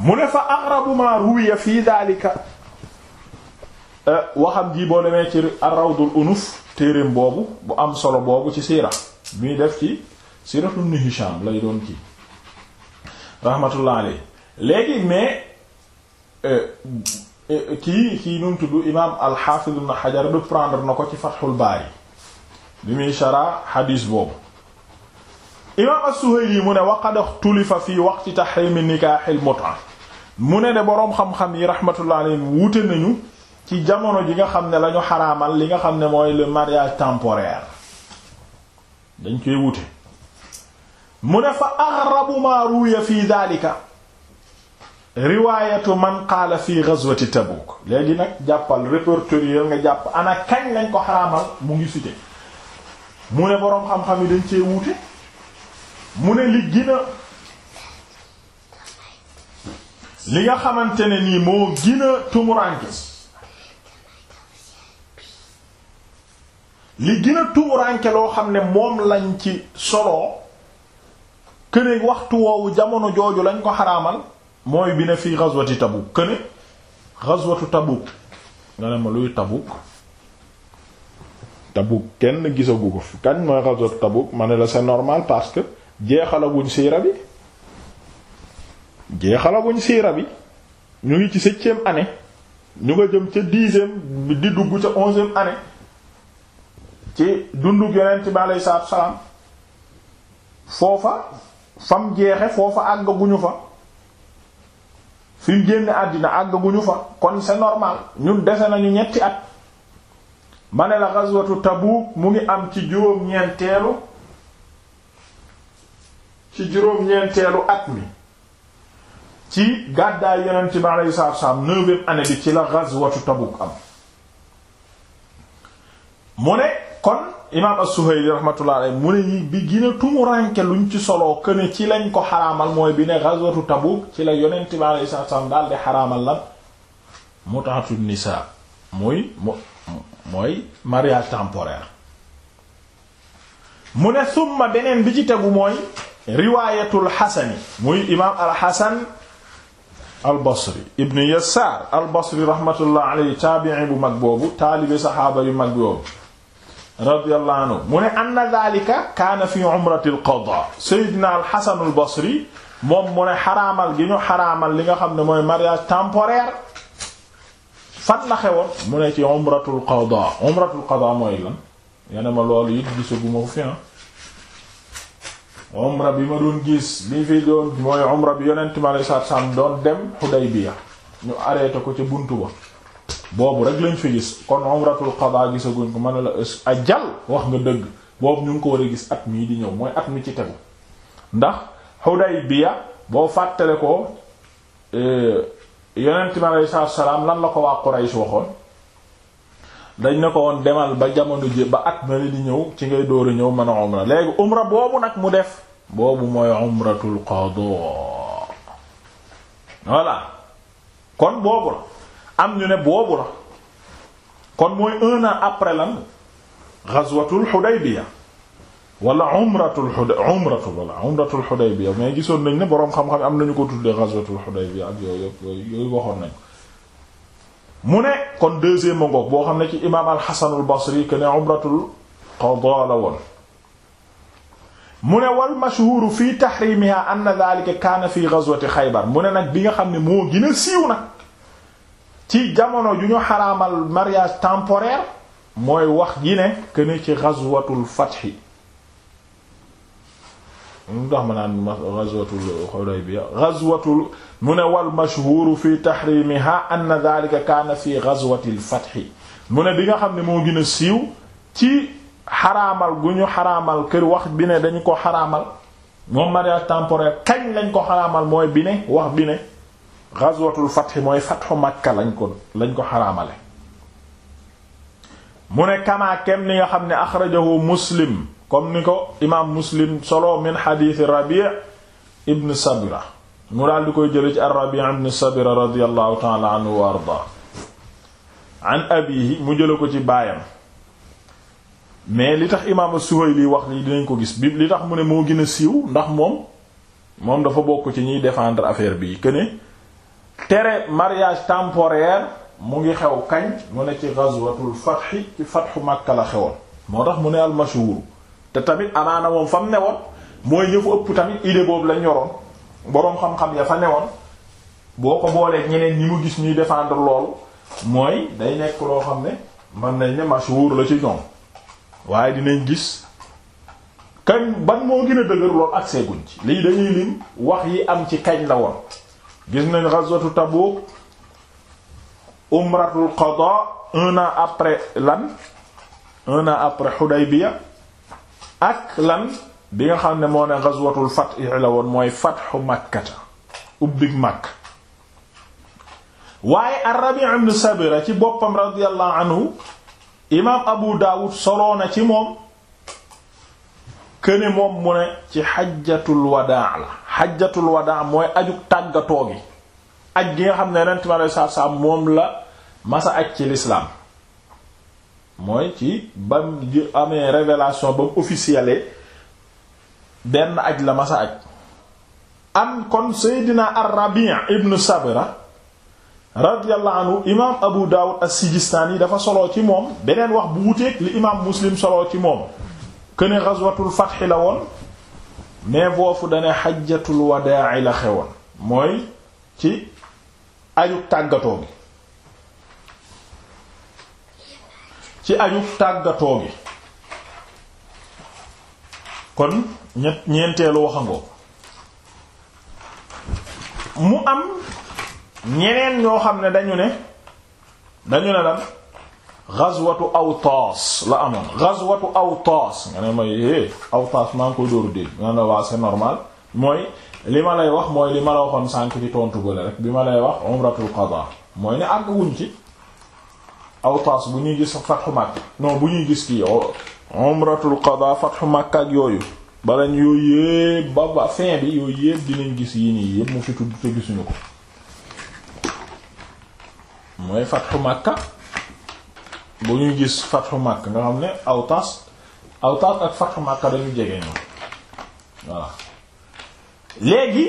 mu ne fa aqrabu ma fi daalika eh, waxam ji boo demee ci ar Unuf téereem boobu bu am solo boobu ci siira muy def ci siratu ibn Hisham lay doon kii rahmatullah alay léegi mais euh, euh, kii kii nu mu tudd imaam al-Hafiz ibn Hajar reprendre na ko ci Fathul Bari bi muy shara hadis boobu imaam as-Suhayli mu ne waqad ixtulifa fi waqti tahrimi nikaahil mut'a mu ne de boroom xam-xam yi rahmatullah alayhi wuute nañu ci jamono ji nga xam ne lañu ñu xaraamal li nga xam ne mooy le mariage temporaire dañ koy wute mu ne fa axrabu maa ruya fi daalika riwaayatu man qaala fi ghazwati Tabuk léegi nag jàppal répertorier nga jàpp ana kañ lañ ko xaraamal mu ngi cité mu ne boroom xam-xam yi dañ cee wuute mu ne li gën li nga xamante ne nii moo gën a tumuranke li dina a tuuranke loo xam ne moom lañ ci solo këne waxtu woowu jamono jooju lañ ko xaraamal mooy bi ne fii ghazwati Tabuk këne ghazwatu Tabuk nga ne ma luy Tabuk Tabuk kenn gisagu ko fi kañ mooy ghazwatu Tabuk ma ne la c'est normal parce que jeexalaguñ siira bi jeexalaguñ siira bi ñu ngi ci septième année ñu nga jëm ca dixième di dugg ca onzième année ci dundug yonent bi aleyhi salaatu salaam foofa fam jeexe foofa àggaguñu fa fi mu àddina àggaguñu fa kon c'est normal ñun dese nañu ñetti at ma ne la ghazwatu Tabuk mu ngi am ci juróom-ñeenteelu ci juróom-ñeenteelu at wi ci gàddaay yonent bi aleyhi salaatu salaam neuvième année bi ci la ghazwatu Tabuk am mu ne kon imaam as-Suhayli rahmatullah alayhi mu ne bi gën a tumuranke luñ ci soloo que ci lañ ko xaraamal mooy bi ne ghazwatu Tabuk ci la yonent bi alayhi daal di xaraamal lan mut'atu nisaa muy mooy mariage temporaire mu ne summa beneen bi ci tegu mooy riwaayatul xasani muy imaam al-Hasan al-Basri ibn Yasaar al-Basri rahmatullah alayhi bu mag boobu taalibe saxaaba yu mag boobu radiyallahu anhu mu ne anna dhalika kaana fi umratil qada sayyidina al hasan al basri moom mu ne xaraamal gi ñu xaraamal li nga xam ne mooy mariage temporaire fan la xewoon mu ne ci umratul qada mooy lan yene ma loolu it gisaguma ko fi ah umra bi ma doon gis li fi doon mooy umra bi yonent mi alei satu doon dem Hudaybiya ñu arrêté ko ca buntu boobu rek lañ fi gis kon umratul qada gisaguñ ko mën a la ajal wax nga dëgg boobu ñu ngi ko war a gis at mii di ñëw mooy at mi ci tegu ndax Hudaybiya boo fàttale ko eh, yonent bi aleyhi salaatu salaam lan la ko waa Quraysh waxoon dañ ne ko woon demal ba jamono ji ba at ma di ñëw ci ngay dóora ñëw mën a umra léegi umra boobu nag mu def boobu mooy umratul qada voilà kon boobu la am ñu ne boobu la kon mooy un an après lan ghazwatul Hudaybiya wala umratul Hudaybiya umratul wala umratul Hudaybiya mais gisoon nañ ne boroom xam-xam am nañu ko tuddee ak yooyu yëpp yooyu waxoon mu ne kon deuxième ngoog boo xam ne ci imaam al-Hasan al-Basri que ne umratul qadaa la woon mu ne wal mashhuur fii tahrimiha anna dhaalika kaana fii ghazwati Khaybar mu ne nag bi nga xam ne moo a ci jamono ju ñu xaraamal mariage temporaire mooy wax ji ne que ne ci ghazwatul fath mu tax ma naan ghazwatul Hudaybiya ghazwatul mu ne wal mashhur fi tahrimiha anna dhalika kaana fi ghazwatil fath mu ne bi nga xam ne moo gën a siiw ci xaramal gu ñu xaraamal kër wax bi ne dañu ko xaramal moom mariage temporaire kañ lañ ko xaraamal mooy bi wax bine ghazwatul fath mooy fathu Makka lañ ko lañ ko xaraamale mu ne kamaa ni nga xam ne axrajahu muslim comme ni ko imaam muslim solo min xadiisi rabi' ibn sabira mu daal di koy jële ci ar-rabi' ibn sabira radiyallahu ta'ala anhu wa ardaa an abiihi mu jële ko ci baayam mais li tax imaam as-Suhayli wax lii dinañ ko gis bi li tax mu ne moo gën a siiw ndax moom moom dafa bokk ci ñuy défendre affaire bi que tere mariage temporaire mu ngi xew kañ mu ne ci ghazwatul fath ci fathu Makka la xewoon moo tax mu ne al mashhur te tamit anaana moom fa mu newoon mooy ñëfu ëpp tamit idée boobu lañ yoroon boroom xam-xam ya fa newoon boo ko boolee ñeneen ñi mu gis ñuy défendre loolu mooy day nekk loo xam ne man nañ ne mashhur la ci ñoom waaye dinañ gis kañ ban moo gën a dëgër loolu ak seeguñ lii dañuy lim wax yi am ci kañ la woon gis nañ ghazwatu Tabuk umratul qada un an après lan un an après Hudaybiya ak lan bi nga xam ne moo ne ghazwatul fath la woon mooy fathu Makkata ubbig Makka waaye ar-Rabi' ibn Sabira ci boppam radiyallahu anhu imaam Abu Dawud soloona ci moom këne moom mu ne ci xajjatul wadaa la xajjatul wadaa mooy aju tàggatoo gi aj gi nga xam ne yonent mi moom la masa aj ci lislaam mooy ci bam amee révélation ba mu benn aj la masa aj am kon seydina ar-Rabi' ibn Sabra radiyallahu imaam Abu Dawud as-Sijistaani dafa soloo ci moom beneen wax bu wuteeg li imaam Muslim soloo ci moom këne ghazwatul fath la woon mais foofu dane xajjatul wadaa la xewoon mooy ci ajug tàggatoo gi ci ajug tàggatoo gi kon ñett ñeenteelu waxangoo mu am ñeneen ñoo xam ne dañu ne dañu ne lan ghazwatu Awtaas la amoon ghazwatu Awtaas nga ne ma eh Awtaas maa ngi koy dóoru dégg nga ne waa c'est normal mooy li ma lay wax mooy li ma la waxoon sànq ci tontu bële rek bi ma lay wax umratul qadaa mooy ne àgg wuñ ci Awtaas bu ñuy gis fatxu Makka non bu ñuy gis kii oh, umratul qadaa fatxu Makka yooyu balañ yooyu yépp ba ba fin bi gis fi tudd te gisuñu ko mooy fatxu Makka bu ñu gis fatxu Makka nga xam ne Awtaas Awtaas ak fatxu Makka dañu jege ñoom voilà léegi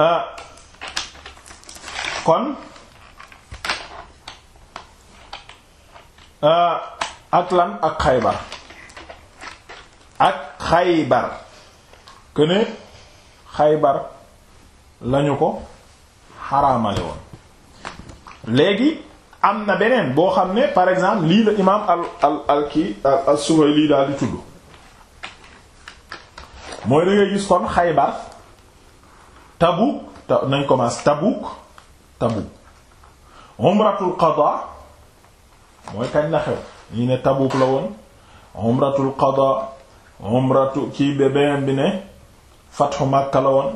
euh, kon euh, ak lan ak Xaybar ak Xaybar këne Xaybar lañu ko xaraamale woon léegi am na beneen boo xam ne par exemple lii la imaam al al al kii al Suhayli daal di tudd mooy da gis kon Xaybar Tabuk ta nañ commence Tabuk Tabuk umratul qada mooy kañ la xew ñii ne Tabuk la woon umratul qada umratu kii be beneen bi ne fathu Makka la woon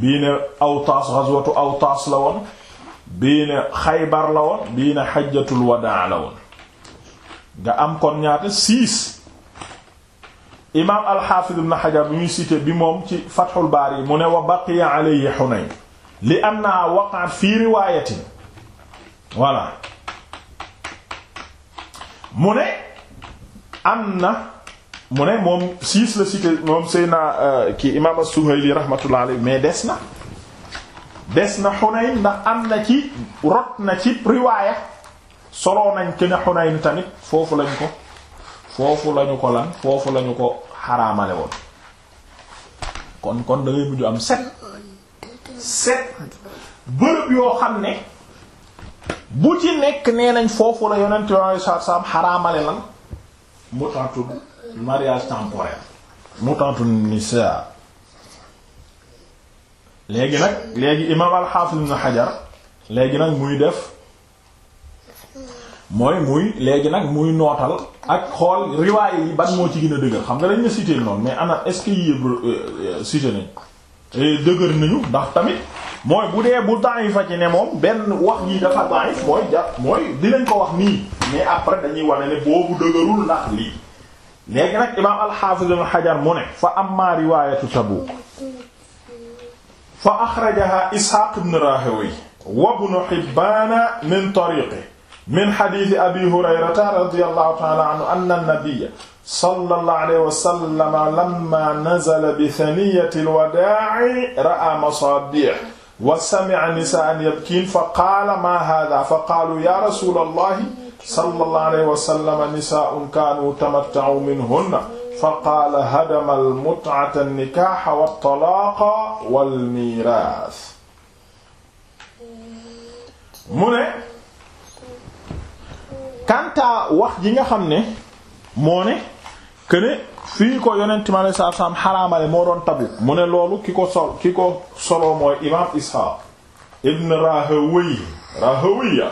bii ne Awtaas ghazwatu Awtaas la woon bii ne xaybar la woon bii ne xajjatul wadaa la woon nga am kon ñaata six imaam alxaafid bi ñuy cité bi moom ci fatxul baar yi mu ne wa baqiya alayhi xunayn li annaha waqaat fii riwaayatin voilà mu ne am na mu ne moom six la cité moom sëy naa euh, kii imaam as-suhayli rahmatullah alayhi mais des na des na Xunayn ndax am na ci rot na ci riwaaya soloo nañ ke ne Xunayn tamit foofu lañ ko foofu lañu ko lan foofu lañu ko xaramale woon kon kon da ngay mujj am set set bërëb yoo xam ne bu ci nekk nee nañ foofu la yonent yonent saab saab xaramale lan mu tantu mariage temporaire mu tantu nisaa léegi nag léegi imaam al-Hafiz ibn Hajar léegi nag muy def mooy muy léegi nag muy nootal ak xool riwaaye yi ban moo ci gën a dëgër xam nga dañu na cité noonu mais ana est-ce que yi yëpp euh, euh, cité dëgër nañu ndax tamit mooy bu dee bu da'if fa ci ne moom benn wax yi dafa da'if mooy mooy dinañ ko wax nii mais après dañuy wane ne boobu dëgërul ndax lii léegi nag imaam al xajar ibn Hajar mu ne fa amma riwaayatu Tabuk fa axrajaha isxaaq ibn rahawey wa ibn hibbaana min tariqi min xadiisi abi hurayrata radiyallahu ta'ala anhu anna nabiyya sallallahu alayhi wa sallam lamma nazala bi thaniyati al-wadaa'i ra'a masaabiih wa sami'a nisaa'an yabkiin fa qaala maa haadhaa fa qaaluu yaa rasuulallahi sallallahu alayhi wa sallam nisaa'un kaanuu tamatta'uu minhunna fa qaala hadama almut'ata alnikaaxa waltalaaqa walmiiraas mu ne kantaa wax ji nga xam ne moo ne këne fii ko yonent mi alayhi salaatu salaam moo doon Tabuk mu ne loolu ki ko sol ki imaam Isxaaq ibn Rahawayh Rahawayh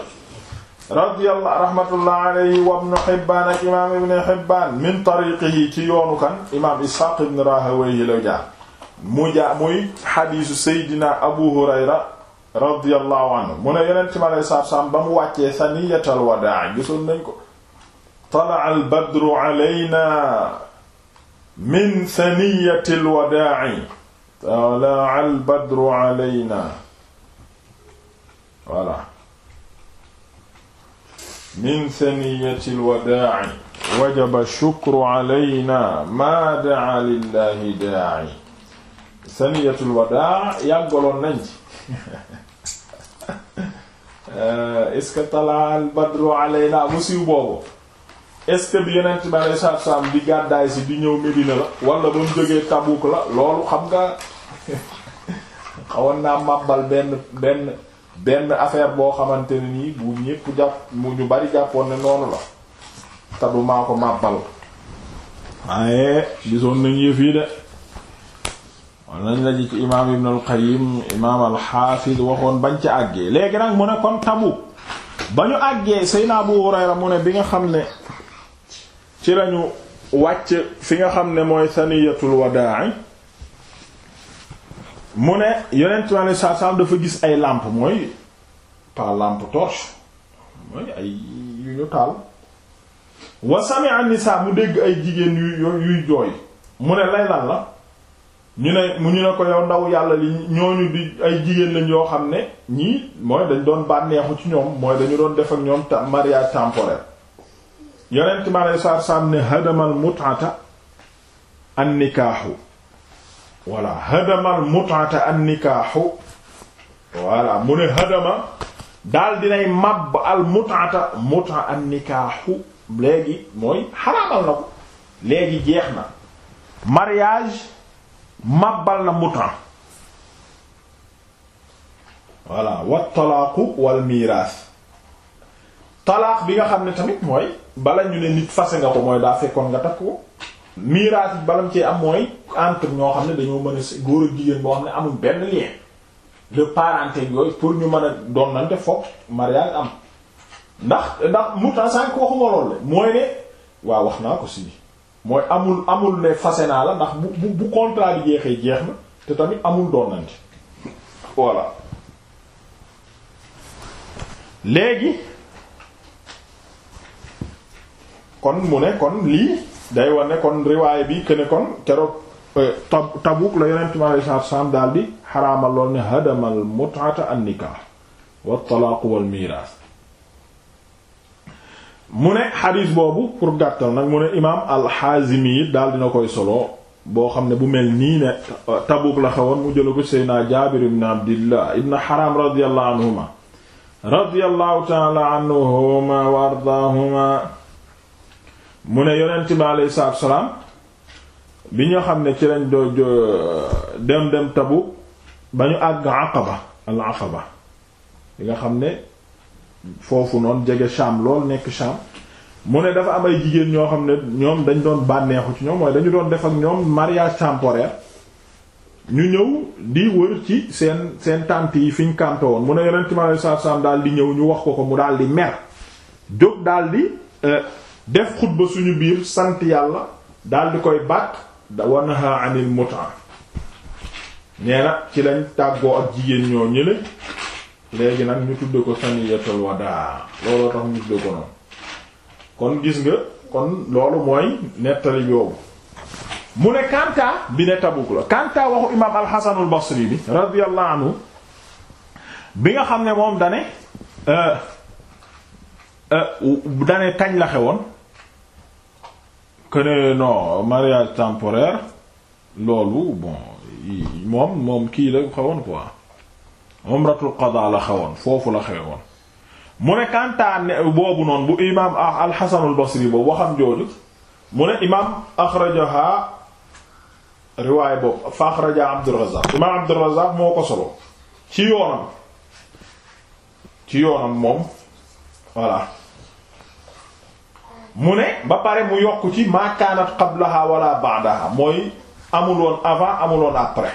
radiyallahu rahmatullahi alayhi wa ibn Hibbaan ak imaam ibn Hibbaan min tariqihi ci yoonu kan imaam Isxaaq ibn Rahawayhi la jaar mu jaar muy xadiisu Seydina Abu Hurayra radiyallahu anhu mu ne Yonent mi alayhi salaatu salaam ba mu wàccee saniyatal wadaa gisoon nañ ko tala'a al-badru alaynaa min saniyatil wadaa'i tala'a al-badru alaynaa voilà min saniyatil wadaa'i wajaba shukru alayna maa daa lillahi daa'i saniyatul wadaa yàggaloon nañ ci euh, est-ce que talaal badru alayna mu siiw boobu est-ce que bi yeneen bi alei saatu salaam di gàddaay si di ñëw Medina la wala ba mu jógee Tabuk la loolu xam nga xawoon naa màbbal benn benn benn affaire boo xamante ne nii bu ñépp jàpp mu ñu bari jàppoon ne noonu la te du maa ko màbbal waaye gisoon nañu yëf de wala nañ la ji ci imaam ibn al imaam al waxoon bañ ci àggee léegi nag mu ne kon Tabuk ba ñu àggee Seydina Abu Hurayra mu ne bi nga xam ne ci lañu wàcc fi nga xam ne mooy saniyatul wadaa mu ne yonent bi alayhi salaatu salaam dafa gis ay làmp mooy pas lampe torche mooy ay yu ñu taal wa sami'a nisaa mu dégg ay jigéen yu yuy jooy mu ne lay lan ñu ne mu ñu ne ko yow ndaw yàlla li ñooñu di ay jigéen lañ yoo xam ne ñii mooy dañ doon bànneexu ci ñoom mooy dañu doon def ak ñoom mariage temporaire yonent bi alayhi salaatu salaam ne hadamal mut'ata an nikaahu voilà hadamal mut'ata an nikaahu voilà mu ne hadama daal dinay màbb al mut'ata mut'a an nikaahu léegi mooy xaraamal na ko léegi jeex na mariage màbbal na mut'a voilà wa talaaqu wal miiraas talaax bi nga xam ne tamit mooy bala ñu ne nit fase nga ko mooy daa fekkoon nga takk ko miraas yi balam ci am mooy entre ñoo xam ne dañoo mën a góor ak jigéen boo xam ne amul benn lien de parenté yooyu pour ñu mën a doonante fokk mariage am ndax ndax muta sànq waxuma lool la mooy ne waaw wax naa ko si mooy amul amul ne fase naa la ndax bu bu bu contrat jeexee jeex na te tamit amul doonante voilà léegi kon mu ne kon lii day wane kon riwaay bi que ne kon keroog euh, tab Tabuk la yonent mi alayhi salaatu daal di xaraamal lool ne hadamal mut'ata an-nikaah wa talaaq wal miiraas mu ne xadiis boobu pour gàttal nag mu ne imaam al-Haazimi daal dina koy solo boo xam ne bu mel nii ne euh, Tabuk la xewoon mu jëla ko Jaabir ibn Abdillah ibn Haraam radiyallahu anhuma radiyallahu ta'ala anhuma wa ardaahuma mu ne yonent bi aleyhi salaam bi ñoo xam ne ci lañ doo dem dem tabu ba ñu àgg aqaba al nga xam ne foofu noonu jege Sham lool nekk Sham mu ne dafa am ay jigéen ñoo xam ne ñoom dañ doon bànneexu ci ñoom mooy dañu doon def ak ñoom mariage temporaire ñu ñëw di wër ci seen seen tànt yi fi ñu kàmte woon mu ne yonent bi aleyhi salaam daal di ñëw ñu wax ko ko mu daal di mer jóg daal di. Euh, def xutba suñu biir sant yàlla daal di koy bàkk da wanaha anil muta nee na ci lañ tàggoo ak jigéen ñoo ñële léegi nag ñu tudde ko saniyatul wadaa looloo tax ñu tudde ko noonu kon gis nga kon loolu mooy nettali yoobu mu ne kanta bi ne Tabuk la kanta waxu imaam alxasanul basri bi radiyallahu anhu bi nga xam ne moom dane euh, euh, dane kañ la xewoon que ne mariage temporaire loolu bon moom moom kii la xewoon ratu umratul qada la xewoon foofu la xewoon mu ne kantaan boobu noonu bu imaam ah, alxasanul basri boobu waxam jooju mu ne imaam axrajaha riwaay boobu fa axraja abdurazaq imaam abdurazaq moo ko solo ci yoonam ci yoonam moom mu ne ba pare mu yokk ci ma kaanat qablaha wala ba'daha mooy amuloon avant amuloon après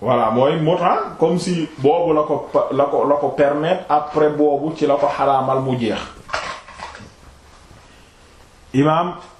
voilà mooy muta comme si boobu la ko la ko la ko permettre après boobu ci la ko xaraamal mu jeex imaam